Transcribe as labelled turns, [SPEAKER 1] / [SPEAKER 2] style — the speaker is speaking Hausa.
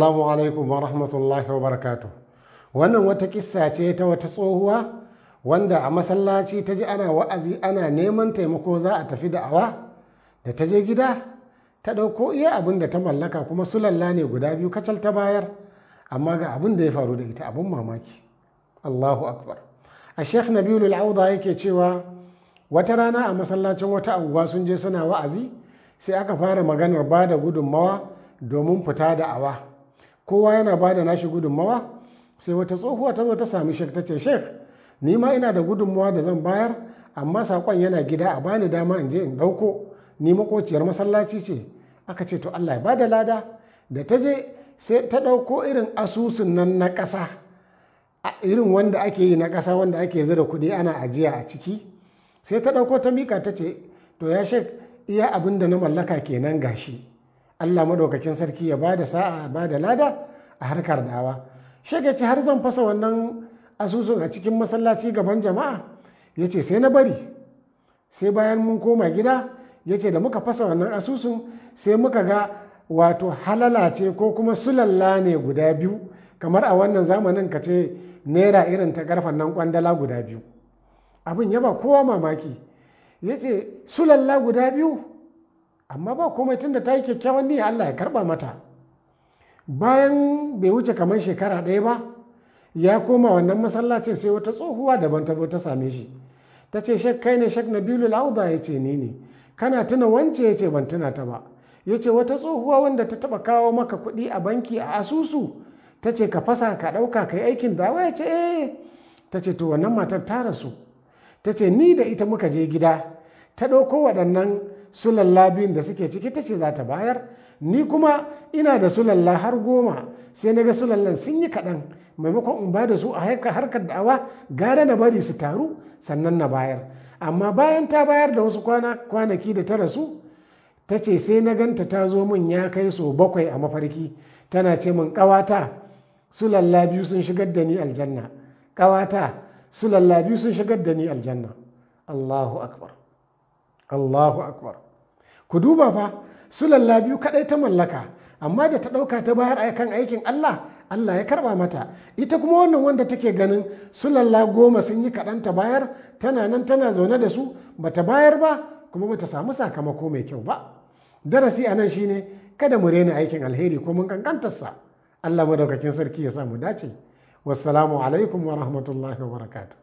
[SPEAKER 1] Assalamu alaikum wa rahmatullahi wa barakatu. Wannan wata kissa ce ta wata tsohuwa wanda a masallaci ta ji ana wa'azi ana neman taimako za a tafi da'awa da ta je gida ta ɗauko iya abin da ta mallaka kuma sulalla ne guda biyu kacal ta bayar amma ga abin da ya faru da ita abin mamaki. Allahu akbar. A Sheikh nabilu Auda yake cewa wata rana a masallacin wata anguwa sun je suna wa'azi sai aka fara maganar ba da gudunmawa domin fita da'awa. kowa yana ba da nashi gudunmawa sai wata tsohuwa ta zo ta sami shek ta ce shek ni ma ina da gudunmawa da zan bayar amma saƙon yana gida a bani dama in je in ɗauko ni makociyar masallaci ce aka ce to allah ya bada lada da ta je sai ta ɗauko irin asusun nan na ƙasa irin wanda ake yi na ƙasa wanda ake zira kuɗi ana ajiya a ciki sai ta ɗauko ta mika ta ce to ya shek iya abin da na mallaka kenan gashi Allah madaukakin sarki ya bada sa'a ba da lada a harkar dawa shege ce har zan fasa wannan asusun a cikin masallaci gaban jama'a ya ce sai na bari sai bayan mun koma gida ya ce da muka fasa wannan asusun sai muka ga wato halala ce ko kuma sulalla ne guda biyu kamar a wannan zamanin ka ce naira irin ta karfan nan kwandala guda biyu abin ya ba kowa mamaki ya ce sulalla guda biyu amma ba komai tunda ta yi kyakkyawan ni, Allah ya karba mata bayan bai wuce kamar shekara ɗaya ba ya koma wannan masallacin sai wata tsohuwa daban ta zo ta same shi ta ce shek kai ne shek nabilu lauda ya ce ni ne kana tuna wance ya ce ban tuna ta ba ya ce wata tsohuwa wanda ta taba kawo maka kuɗi a banki a asusu ta ce ka fasa ka ɗauka ka yi aikin dawa ya ce eh ta ce to wannan matar ta rasu ta ce ni da ita muka je gida ta ɗauko waɗannan sulalla biyun da suke ciki ta ce za ta bayar ni kuma ina da sulalla har goma sai na ga sulallan sun yi kaɗan maimakon in ba da su a harkar da'awa gara na bari su taru sannan na bayar amma bayan ta bayar da wasu kwanaki da ta rasu ta ce sai na ganta ta zo min ya kai so bakwai a mafarki tana ce min ƙawata su biyu sun shigar da ni aljanna ƙawata sulalla biyu sun shigar da ni aljanna allahu akbar Allahu akbar ku duba fa sulalla biyu kadai ta mallaka amma da ta dauka ta bayar a kan aikin Allah Allah ya karba mata ita kuma wannan wanda take ganin sulalla goma sun yi kaɗan ta bayar tana nan tana zaune da su bata bayar ba kuma bata samu sakamako mai kyau ba darasi a nan shine kada mu rena aikin alheri ko mun sa Allah madaukakin sarki ya sa mu dace wassalamu alaikum wa rahmatullahi wa barakatuh